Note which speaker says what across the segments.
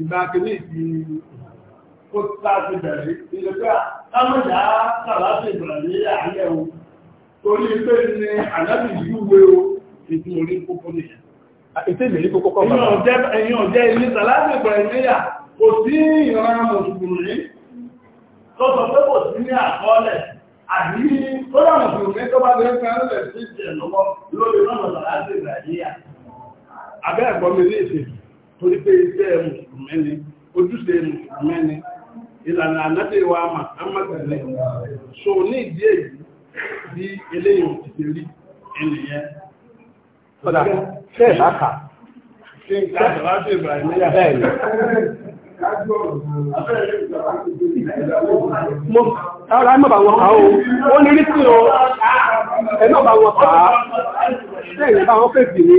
Speaker 1: ìgbà kìíní ti ó sáàtì bẹ̀rẹ̀ ilẹ̀ pé kámọ̀dá sàlátì ìbìrànlẹ̀ àárẹ̀ o torí pé ní àlábì yúwe o ètò orí kókó nìyẹn. ètò tó sọ pé kò tó rà mùsùlùmí tó fẹ́ rẹ̀ sí ìjẹ̀ lọ́wọ́ lórí rọ́mọ̀lá àti ìrànlẹ̀ àbẹ́ ẹ̀gbọ́n mi ní ìsìn torí pé iṣẹ́ mùsùlùmí ni ojúṣe mùsùlùmí ni ìlànà ànábẹ́ wa àmàgbẹ̀lẹ̀ so ní ìdí èyí bí eléyìn ti ṣe rí ènìyàn Ọ̀dà ṣe ìbáka. Ṣé ìgbàjọ̀ wá sí ìbàjọ̀ níyà? Bẹ́ẹ̀ Mo ọ̀rọ̀ ẹ mọ̀bà wọn kàá o, ó ní rí sí o, ẹ mọ̀bà wọn kàá, ṣé ìyẹ̀bà wọn fèsì ni.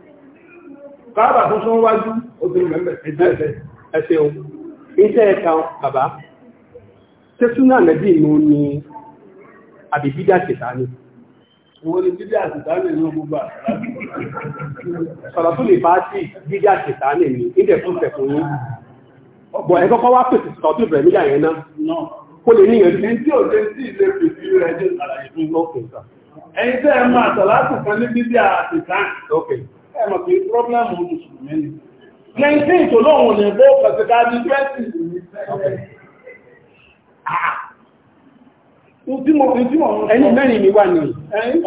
Speaker 1: káàbà tó sọ wájú obìnrin mẹ́bẹ̀ ẹ̀ṣẹ̀ o iṣẹ́ ẹ̀ka bàbá tẹ́ súnà nẹ́bí inú ni àbìbídà ṣẹ̀tà ni wọ́n ni bídà ṣẹ̀tà ni ní gbogbo sọ̀rọ̀ tó lè bá sí bídà ṣẹ̀tà ni ní ìdẹ̀ tó tẹ̀ fún yín ọ̀bọ̀ ẹ̀ kọ́kọ́ wá pèsè sọ̀rọ̀ tó bẹ̀rẹ̀ níyà yẹn náà kó lè níyànjú ẹni tí ò lè sí ilé pèsè rẹ̀ ẹni tẹ́ ẹ máa sọ̀rọ̀ láti kan ẹ mọ̀ pé pírọ́blẹ́mù mùsùlùmí ni 19, tó lóun ní bó pẹ̀sẹ̀ká ní twenty tí mo fi tí mo ẹni mẹ́rin mi wà ní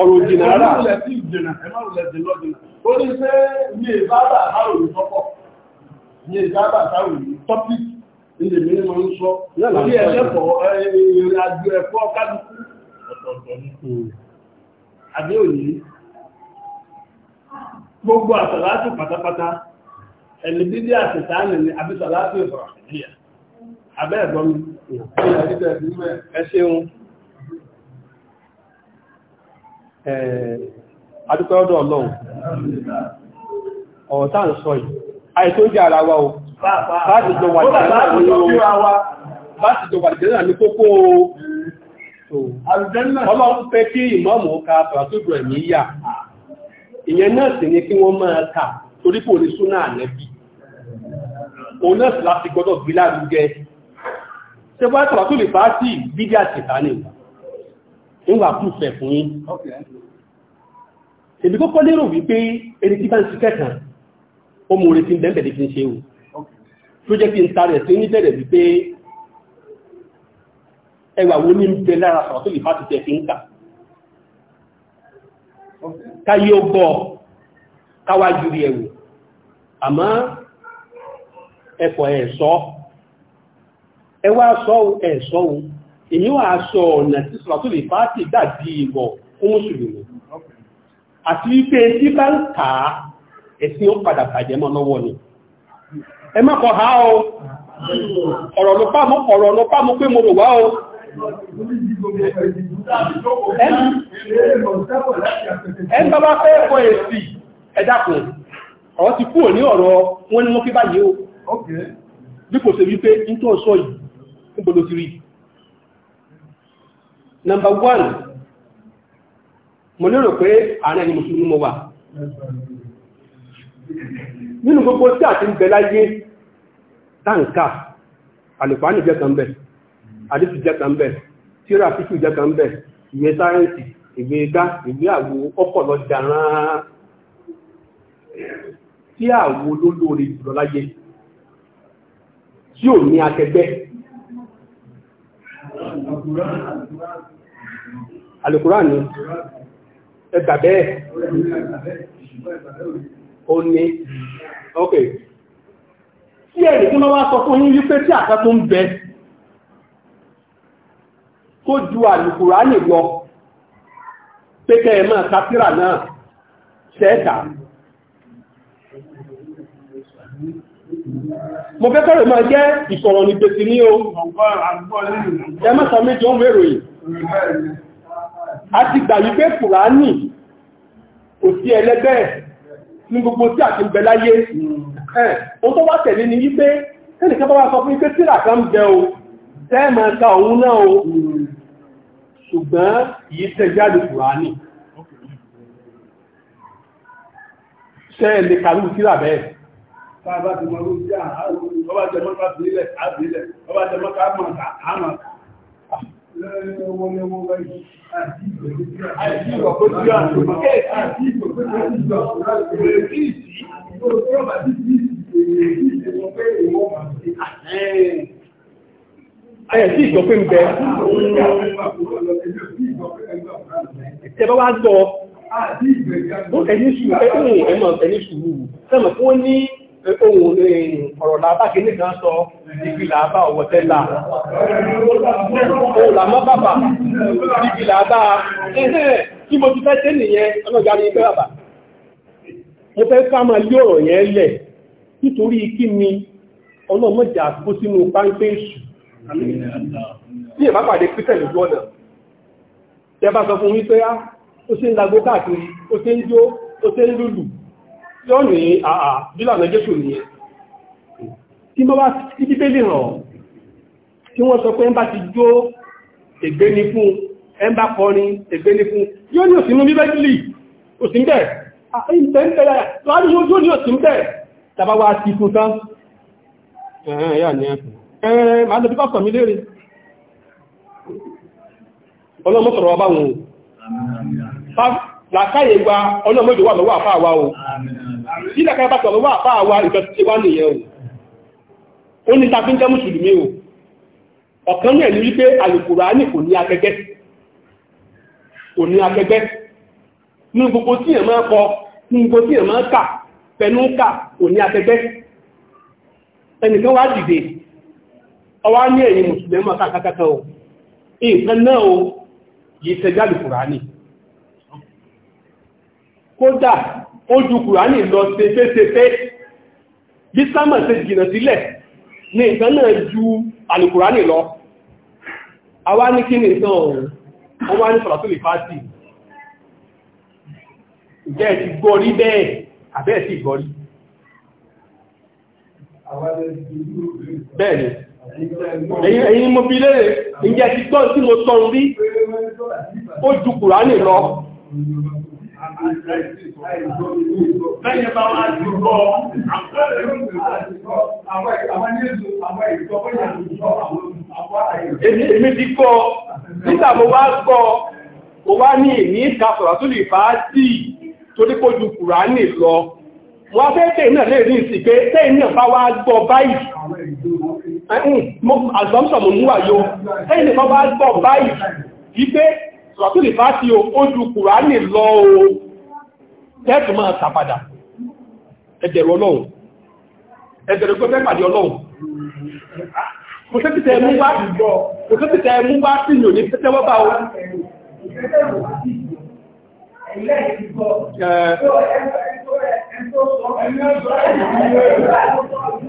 Speaker 1: ọ̀rọ̀ ìjìnà rárá ó ní pé mi è sábà sáwòrì tọ́pọ̀ mi è sábà sáwòrì tọ́pì ilẹ̀ mi máa ń sọ ní ẹ̀ṣẹ́pọ̀ ìrìn àjò ẹ̀kọ́ kálukú ọ̀tọ̀ọ̀tọ̀ ní àbí gbogbo àsàlátù pátápátá ẹni dídí àṣìṣàánì ni àbí sàlátù ìfọ̀rọ̀ṣìlíyà abẹ́ ẹ̀gbọ́mi ẹ ṣeun adúpẹ́ ọ̀dọ̀ ọlọ́run ọ̀rọ̀ ń sọ yìí àìtó jẹ́ ara wa o bá jọ wàjẹ́ náà ní kókó ọlọ́run pé kí ìmọ́mù ká fàtúgbọ̀ ẹ̀mí yà ìyẹn náà sì ni kí wọ́n máa kà torí kò ní súnà ànẹ́bí òun náà sì láti gbọ́dọ̀ gbé lárugẹ ṣe bá tọ̀wà tó lè bá sí bídí àṣìta ní ìwà kú fẹ̀ fún yín èbí kọ́kọ́ lérò wípé ẹni tí bá ń ṣiṣẹ́ kan ó mú retí bẹ́ẹ̀bẹ̀ ní ṣe o tó jẹ́ kí ní bẹ̀rẹ̀ bẹ lára sọ̀rọ̀ tó lè bá ti ń kà káyé ó gbọ́ káwájú rí ẹ̀wò àmọ́ ẹ̀kọ̀ ẹ̀ṣọ́ ẹwà sọ ẹ̀ṣọ́ ohun èyí wà sọ ọ̀nà tí sọ̀tọ̀ lè fàátì dàbí ìwọ̀ fún mùsùlùmí àti wípé tí bá ń kà á ẹ̀sìn ó padà bàjẹ́ mọ́ lọ́wọ́ ni ẹ má kọ̀ há o ọ̀rọ̀ ló ẹn bá bá fẹ́ ẹ̀kọ́ èsì ẹ̀dàkùn ọ̀rọ̀ ti kúrò ní ọ̀rọ̀ wọn ni wọ́n fi báyìí ó bí kò se wípé ní tó sọ yìí ń gbogbo ti rí nàmbà 1 mo lérò pé àárín ẹni mo gbogbo tí àti ń bẹ láyé táǹkà àlùfáà tíra fífi ìjọba ń bẹ̀ ìwé sáyẹ́ǹsì ìwé igá ìwé àwo ọkọ̀ lọ jàrán tí àwo ló lóore jùlọ láyé tí ò ní akẹgbẹ́ alukuraani ẹgbà bẹ́ẹ̀ ó ní ok tí ẹ̀rì tí wọ́n wá sọ fún yín wípé tí àkà tó ń bẹ tó ju àlùkùránì lọ pé kẹ́ ẹ máa ka tírà náà ṣẹ́ẹ̀ta mo fẹ́ kọ́rọ̀ máa jẹ́ ìsọ̀rọ̀ ní pèsè ní o ẹ mọ́sàn méjì ó mẹ́rò yìí a ti gbà wípé kùránì kò sí ẹlẹ́gbẹ́ ní gbogbo tí a ti bẹ láyé o tó wá tẹ̀lé ní wípé ẹnìkan bá wá sọ fún ipé tíra kan bẹ o tẹ́ẹ̀mọ̀ ka òun náà o ṣùgbọ́n yìí tẹ̀jáde kùránì ṣe lè kàrú síra bẹ́ẹ̀ Bàbá ti mọ̀ lórí jẹ́ àárùn, ọba jẹ mọ́ta bílẹ̀, àbílẹ̀, ọba jẹ mọ́ta àmọ̀ta, àmọ̀ta. Lẹ́yìn owó ní owó bẹ́yìí, àti ìgbẹ̀ àti ìgbẹ̀ àti ìgbẹ̀ àti ìgbẹ̀ àti ìgbẹ̀ àti ìgbẹ̀ àti ìgbẹ̀ àti ìgbẹ̀ àti ìgbẹ̀ àti ìgbẹ̀ àti ìgbẹ̀ ẹ̀ sí ìgbọ̀pẹ́ ń bẹ tẹ́bá wá gbọ́ ẹni ṣùgbù sẹ́mọ̀ fún ní ohun ọ̀rọ̀ làbá kìí nìkan sọ ìgbì làbá ọ̀wọ̀tẹ́là ohun làmọ́ bàbà ìgbì làbá ẹ̀ẹ́ tí mo ti fẹ́ tẹ́ nìyẹn mo fẹ́ ká máa lé ọ̀rọ̀ yẹn lẹ̀ nítorí kí ni ọlọ́mọ̀jà kó sínú páńpẹ́ ìṣù bí ìbá pàdé Christian lójú ọ̀nà tẹ bá sọ fún wípé á ah, ó ṣe ń lagbó káàkiri ó ṣe ń jó ó ṣe ń lùlù tí ó ní àà bílànà Jésù nìyẹn tí mọ́ bá kí bíbélì hàn tí wọ́n sọ pé ń bá ti jó ègbé ní fún ẹ ń bá kọrin ègbé ní fún yóò ní òsínú bíbélì òsínbẹ̀ ìbẹ̀ẹ̀bẹ̀rẹ̀ ah, láàrín ojú ní òsínbẹ̀ tàbá wá sí fún tán ẹ̀hẹ́ yà ní ẹ̀kùn ẹ̀ẹ́ máa dẹ̀ pípàpà mi léèrè ọlọ́mọ sọ̀rọ̀ wa báwọn o làkáyè wa ọlọ́mọ ìdòwà lọ́wọ́ àfáà wa o tí làkáyè bá sọ̀rọ̀ wà àfáà wa ìfẹ́ tí wá nìyẹn o ó ní tàbí jẹ́ mùsùlùmí o ọ̀kan náà ní wípé Al-Kùránì kò ní akẹgbẹ́ kò ní akẹgbẹ́ ní gbogbo tí ẹ̀ máa kọ ní gbogbo tí ẹ̀ máa kà pẹ̀lú kà kò ní akẹgbẹ́ ẹnìkan ọwá ní ẹ̀yìn mùsùlùmí kàkàkàkà o ìkan náà o yìí tẹjálù kùránì kódà ó ju kùránì lọ tẹfẹ́tẹfẹ́ bí sámà ṣe jìnà sílẹ̀ ní ìkan náà ju alìkùránì lọ àwa ní kí ní ìtàn ọ̀rùn wọ́n wá ní sọ̀rọ̀tún ìfásí ìjẹ́ ti gọrí bẹ́ẹ̀ àbẹ́ẹ̀ sí gọrí bẹ́ẹ̀ ni èyí mo fi léèrè ǹjẹ́ ti gbọ́ tí mo sọ rí ó ju kùránì lọ Lẹ́yìn bá wá ti gbọ́, Èmi ti kọ́, nígbà mo wá kọ́, mo wá ní ìní ìkàfọ̀rọ̀ tó lè bá sí torí kó ju Kùránì lọ. Wọ́n fẹ́ tẹ̀ náà lè rí ìsìnké, tẹ́ ìní ọ̀bá wá gbọ́ báyìí àṣọ́mṣọ̀ mọ̀ múwà yóò ẹni kan bá gbọ́ báyìí wípé sọ̀tún ìfá tí o ó ju kùránì lọ o tẹ́ẹ̀tù máa tàpadà ẹgbẹ̀rù ọlọ́run ẹgbẹ̀rù pẹ́ pàdé ọlọ́run kò sí títẹ̀ mú bá sí ìyò ní tẹ́tẹ́wọ́ bá o Ẹ̀lẹ́ ìgbọ́. Ẹ̀lẹ́ ìgbọ́.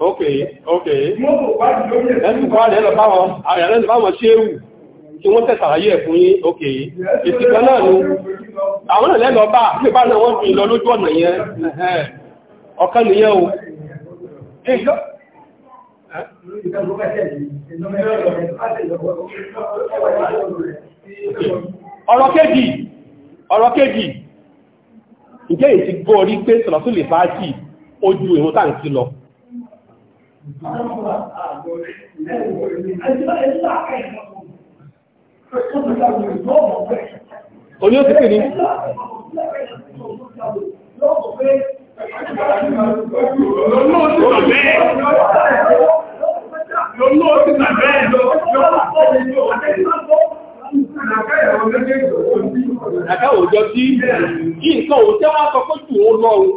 Speaker 1: Okay, okay. Ẹni kọ́ rẹ̀ lọ báwọn, ààrẹ rẹ̀ báwọn ṣe éwù tí wọ́n tẹ̀ sàráyé ẹ̀ fún yín, okay. Èsì kan náà nú. Àwọn náà lẹ́lọ bá, pípa náà wọ́n fi lọ lójú ọ̀nà yẹn. Ọ̀kan nìyẹn o. Ọ̀rọ̀ kejì, ọ̀rọ̀ kejì, ìjẹ́ ìtìgbọ́ rí pé sọ̀rọ̀ tó onye ó ti pè ní. Àká òjò tí kí nǹkan òun tẹ́wọ́ sọ pé jù ó lọ́run,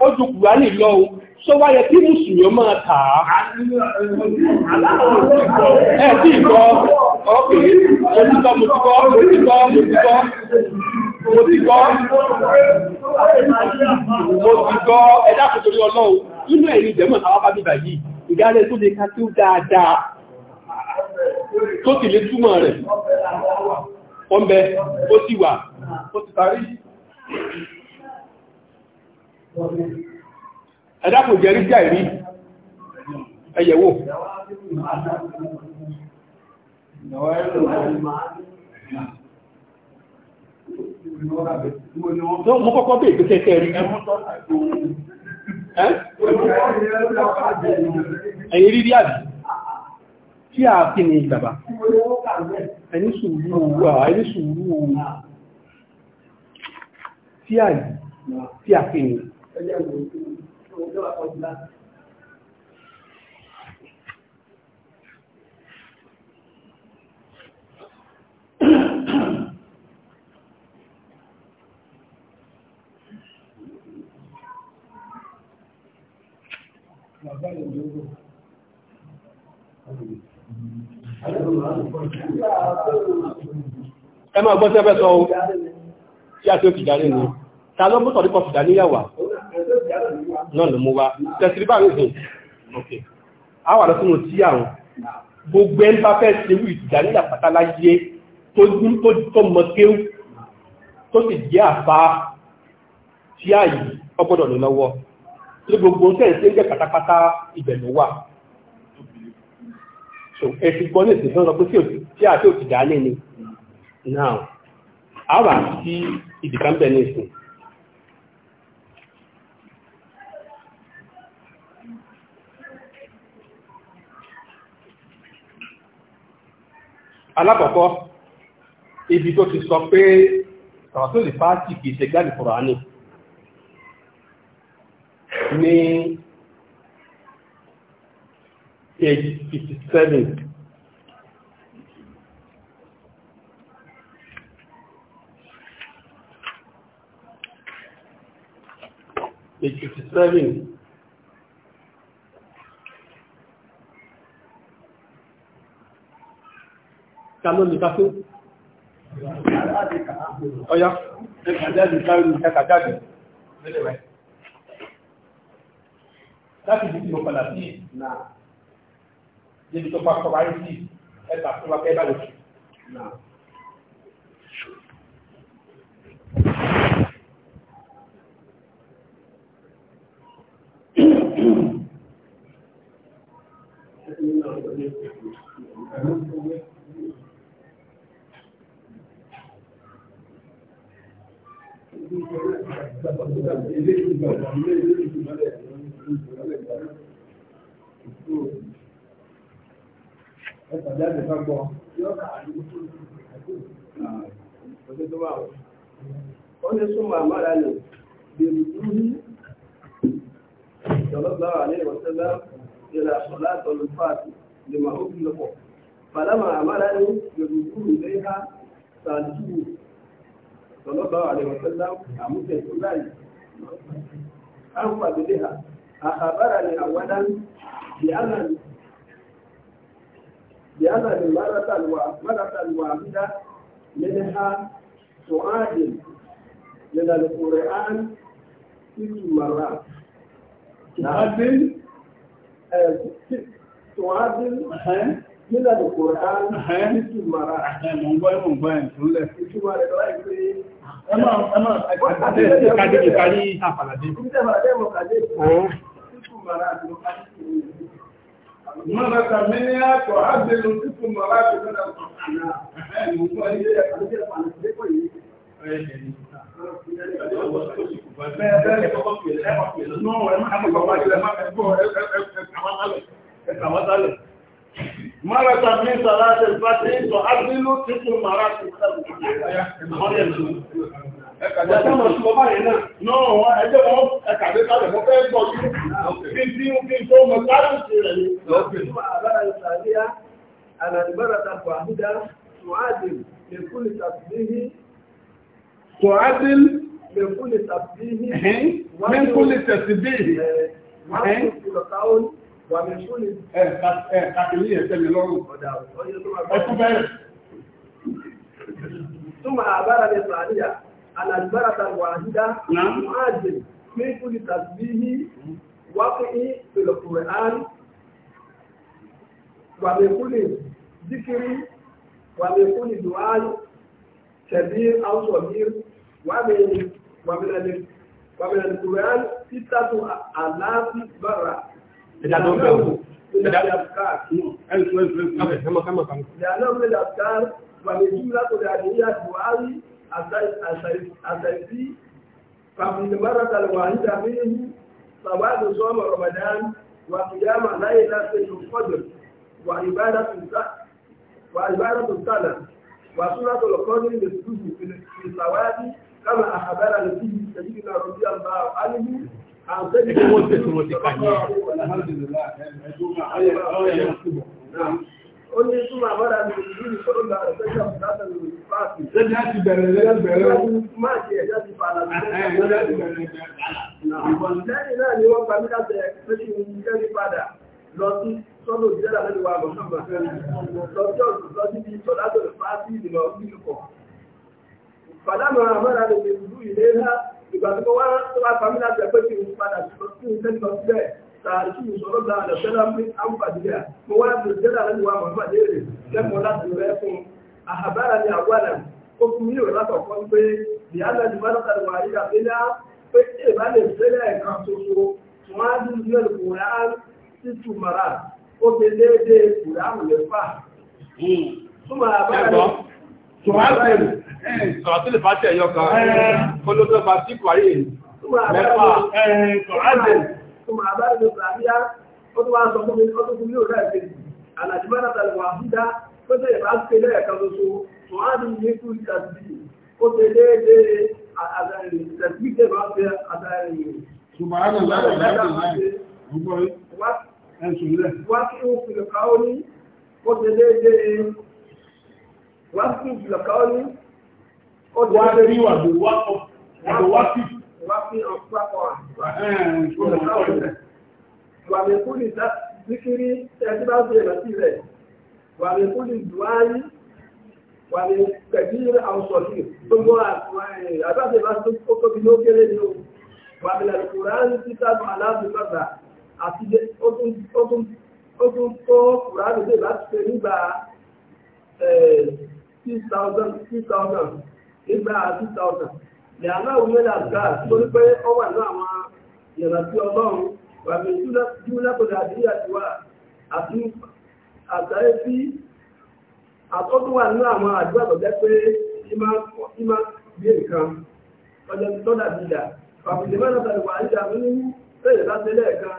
Speaker 1: ó jù kùrá lè lọ́run, tó wáyé tí mùsùlùmí máa tà á ẹ tí ìgbọ́ ọ̀pẹ̀ òtítọ́ mùtúkọ́ òtítọ́ mùtúkọ́ òtítọ́ òtítọ́ ẹ̀dá kò torí ọlọ́run nínú ẹ̀yìn ìjẹ̀mọ̀ àwọn bá bíbà yìí ìdálẹ́ tó lè ká tí ó dáadáa tó sì lè túmọ̀ rẹ̀ ọmọbẹ ó ti wà ó ti parí ẹ̀dàkùn jẹ́ rí jẹ́ rí ẹyẹ̀wò tó mú kọ́kọ́ bí ìpínlẹ̀ tẹ́ rí ẹ̀yìn rí rí àbí tí a fi ní ìgbàbá ẹni sùúrù ẹni sùúrù tí a yìí tí a fi ní òwúrọ̀
Speaker 2: ẹ máa gbọ́ sẹ́fẹ́ sọ ohun
Speaker 1: tí a tí ó fìdá nínú ta ló mú sọ̀rípọ̀ fìdá níyàwó náà ló mú wá tẹ̀síríbà ní ìsìn òkè àwà lọ sínú tí àrùn gbogbo ẹni bá fẹ́ ṣe wù ìtìjà nígbà pátálá yé tó mọ kéwù tó sì jẹ́ àfá tí àyè ọgbọ́dọ̀ ní lọ́wọ́ tí gbogbo ń tẹ̀sí ń jẹ́ pátápátá ibẹ̀ ló wà ẹ̀sìn gbọ́ ní ìsìn fún ọgbọ́n tí àti òtìjà ní ni now àwà sí ìdìkan bẹ̀ ní ìsìn alákọ̀ọ́kọ́ ibi tó ti sọ pé tàwátòlì fáàtì kìí ṣe gbáàlì kùránì ní page 57 page 57 ta ló ní káfí ọya ẹgbàjáde kárí ìjákàjáde láti ibi tí mo padà sí nà níbi tó bá kọ́ wáyé sí ẹgbà tó bá kẹ́ bá lè sùn nà. jáde fagbọ́ ó ní súnmọ́ àmọ́ra lè bèèrè lórí ìjọlọ́gbàwà ní ìwọ̀sẹ́lá ìlà ṣọ̀lá tọ́lùfáàtì lè máa ó kìlọ̀ pọ̀ fàlámà àmọ́ra ní bèèrè lórí ilé ha sàájú ìjọlọ́gbàwà ní ìwọ̀sẹ́lá àmúkẹ́ tó láyé àwọn pàdé lè àkàbára ní àwádá ìyá náà بأن المرأة المرأة الواحدة منها تعادل من القرآن ست مرات تعادل تعادل من القرآن ست مرات مبين مبين تقول ìtumọ̀ rẹ̀ lọ́wọ́ ìpè ẹ máa ẹ máa ìpàdé ìpàdé ìpàdé àfàlàdé. ìpàdé ìpàdé ìpàdé ìtumọ̀ rẹ̀ àti ìpàdé ìpàdé. مرة منها تعدل ست مرات من مرة من صلاة الفتح تعدل ست مرات من القرآن Ìjọba ṣùgbọ́n báyìí náà, náà wọ́n ẹjọ́ wọn ẹ̀kàdé kalẹ̀ mọ́ fẹ́ gbọ́ sí kí tí ó kí tó mọ̀ láàrùsì rẹ̀ ní. Ìjọba àbára ìsàríyá, àlàdìbára tàbí àhúdá, Ṣùhádìl, lè fún ìtàbíhí. Ṣùhádìl, lè fún ìtàbíhí. Mẹ́ fún ìtàbíhí. Wọ́n fún ìtàbíhí. Wọ́n fún ìtàbíhí. Túmọ̀ àbára ìsàríyá alàgbàràtà wàhídá muhajir fífún ní tàbíhí wákìí pẹ̀lọ̀kùnrin án wàmẹ̀kúnì díkiri wàmẹ̀kúnì duwáyì kẹbíir àwùsọ̀bíir wàmẹ̀lẹ̀ kùnrin án títàtù àlàáfí bára ìdádọ́ bẹ̀rù Ìdàlọ́ mẹ́lẹ̀ àkàrí wà ní jùlá tó rẹ̀ àdíyà Buhari أساسي ففي المرة الواحدة منه صواب صوم رمضان وقيام ليلة القدر وعبادة وعبادة الصلاة وسنة القدر بالسجود في الصواب كما أخبرنا به سيدنا رضي الله عنه عن سيدنا الحمد لله نعم Oní súnmọ̀ àbára mi ìlú ìṣòro àrẹ̀fẹ́ṣọ́ látàrí ìfáàfì. Ṣé ní àti bẹ̀rẹ̀ lẹ́gbẹ̀rẹ̀ wọ́n? Máa ṣe ẹ̀já ti fà láti lẹ́yìn náà ni wọ́n gbàmí láti ẹ̀kẹ́ṣì ìjẹ́rí padà lọ sí sọ́dọ̀ ìjẹ́rà lẹ́lẹ́wà àgbọ̀nàmà lọ́jọ́ lọ́jí bí sọ́dọ̀ fásí ìdìlọ ìlúkọ̀. Fàdámà àmọ́ra lè ìlú ìlera ìgbà tó wá tó wá gbàmí láti ẹ̀kẹ́ṣì padà sí tààrí ìṣòro dáadọ̀ tẹ́lá pé àwùbàdìyà mo wá ní ìjẹ́lá lẹ́nu wa màmá léèrè lẹ́kọ̀ọ́ láti rẹ̀ fún àhàbára ní àwọn ó fún mi ìrọ̀lá kọ̀ọ̀kan pé ìyáàlá ni wọ́n lọ́kàdé wà yíyá pé náà pé èèbá lè fẹ́lẹ̀ ẹ̀kan ṣoṣo tí wọ́n á dín ní ẹ̀kọ́ rẹ̀ á sì túmọ̀ra ó ti léde kùrẹ́ àmì lẹ́fà. túmọ̀ àbára ni sọ̀rọ̀ tó lè fà á tẹ̀ yọ kan kó ló tó bá sí kùrẹ́ yìí ثم عبارة الإسلامية قدوا عن صفوه من قدوا كل يوم رأيك الأجمالة الوحيدة قد يبعث كلا يكذسوا سؤال يكو التسبيح قد يدي التسبيح يبعث سبحان الله والحمد لله واقعوا في القول قد يدي واقعوا في القول قد يدي واقعوا في القول Wàmẹ̀kúlì zikiri ẹni bá ṣe ìrántí rẹ̀, wàmẹ̀kúlì dùwárí, wàmẹ̀ pẹ̀lú àwọ̀sọ̀tì tó gbọ́ àtàṣe bá tó tóbi ló kéré ní o. Wàmẹ̀lẹ̀ Kùránì títà aláàbùkọ́ta àti ó tún tó Kùránì lè bá ṣe nígbà 6,000, nígbà 6,000. yàrá òun mẹ́lá pé ọ wà ní àwọn yàrá ọlọ́run àdíyà ti wà àti àtàrí sí àtọ́tún wà ní àwọn àdúrà tó jẹ́ pé ìmá bí nǹkan ọjọ́ tọ́dà dídà pàpìlẹ̀ mẹ́rin àtàrí wà níjà ní lẹ́yìn láti lẹ́ẹ̀kan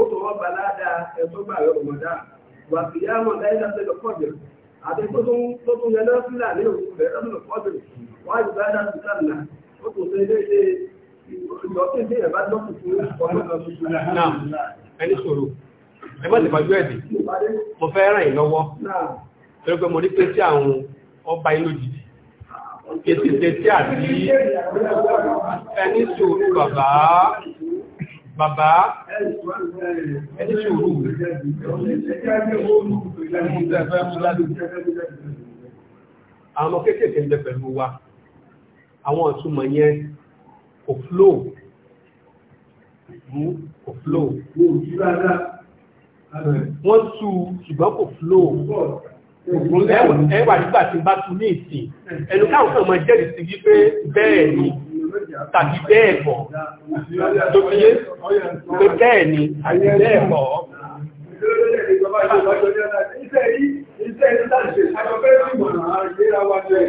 Speaker 1: ó tó wọ́n balada ẹ̀tọ́ gbà wà sí yá wọ́n yóò bá dá sí káàlà ó kò ṣe déédéé ìyọ́kẹ́ ìdí ẹ̀bá lọ́kùn fún ẹni sọ̀rọ̀ ẹ má ti pàjú ẹ̀dì mo fẹ́ ràn yín lọ́wọ́ torí pé mo ní pé tí àwọn ọba inú jìdì ètì tẹ́tí àti ẹni sọ̀rọ̀ bàbá bàbá ẹni sọ̀rọ̀ àwọn ọmọ kéékèèké àwọn ìtumọ̀ yẹn kò flow mú kò flow wọ́n tú ṣùgbọ́n kò flow ẹwà nígbà tí bá tú ní ìsìn ẹnu káwọn kan mọ jẹ́rìí sí wípé bẹ́ẹ̀ ni tàbí bẹ́ẹ̀ kọ́ tó fiye pé bẹ́ẹ̀ ni àti bẹ́ẹ̀ kọ́ Iṣẹ́ yìí, iṣẹ́ ìdáṣe, àjọ fẹ́ rí ìmọ̀ràn àrígbéra wájú ẹ̀.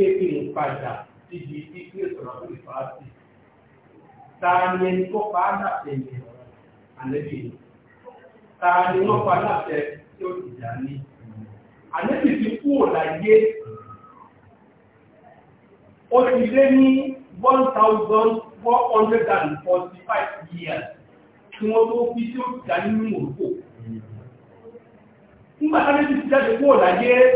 Speaker 1: kéèké ń padà síbi tí kí ìsọ̀rọ̀ tó lè fà á sí. Ta ni ẹni tó pa á láti ẹ̀yìn àlẹ́bí ni? Ta ni wọ́n pa láti ẹ̀ tí ó ti dà ní? Àlẹ́bí ti kú òláyé. Ó ti lé ní one thousand four hundred and forty five years kí wọ́n tó fi tí ó ti dà nínú òkú. Nígbà táwọn ti jáde kú òláyé.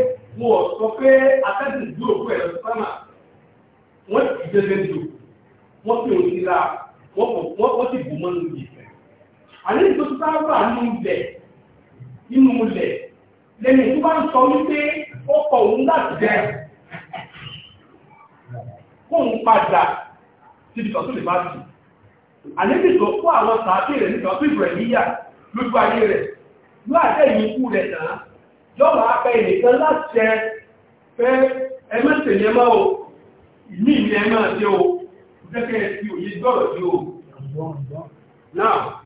Speaker 1: gẹ́gẹ́ bí wọ́n pè òsì ra wọ́n sì bù mọ́nú ibi ìfẹ́. àlejò tó ti sábà nínú ilẹ̀ nínú ilẹ̀ lẹ́nu tó bá ń sọ wípé ó kọ̀ òun láti jẹ́ kóun padà síbi kan tó lè bá sùn. àlejò tó kó àwọn sàábì rẹ̀ nígbà tó ìbẹ̀rẹ̀ níyà lójú ayé rẹ̀ ló àtẹ̀yìn ikú rẹ̀ tán yọ̀ọ̀ máa ìnìkan láti ṣẹ pé ẹ mẹ́sẹ̀ yẹn máa ní ilẹ̀ náà tí ó jẹ́kẹ́ tí ò yí gbọ́rọ̀ tí ó náà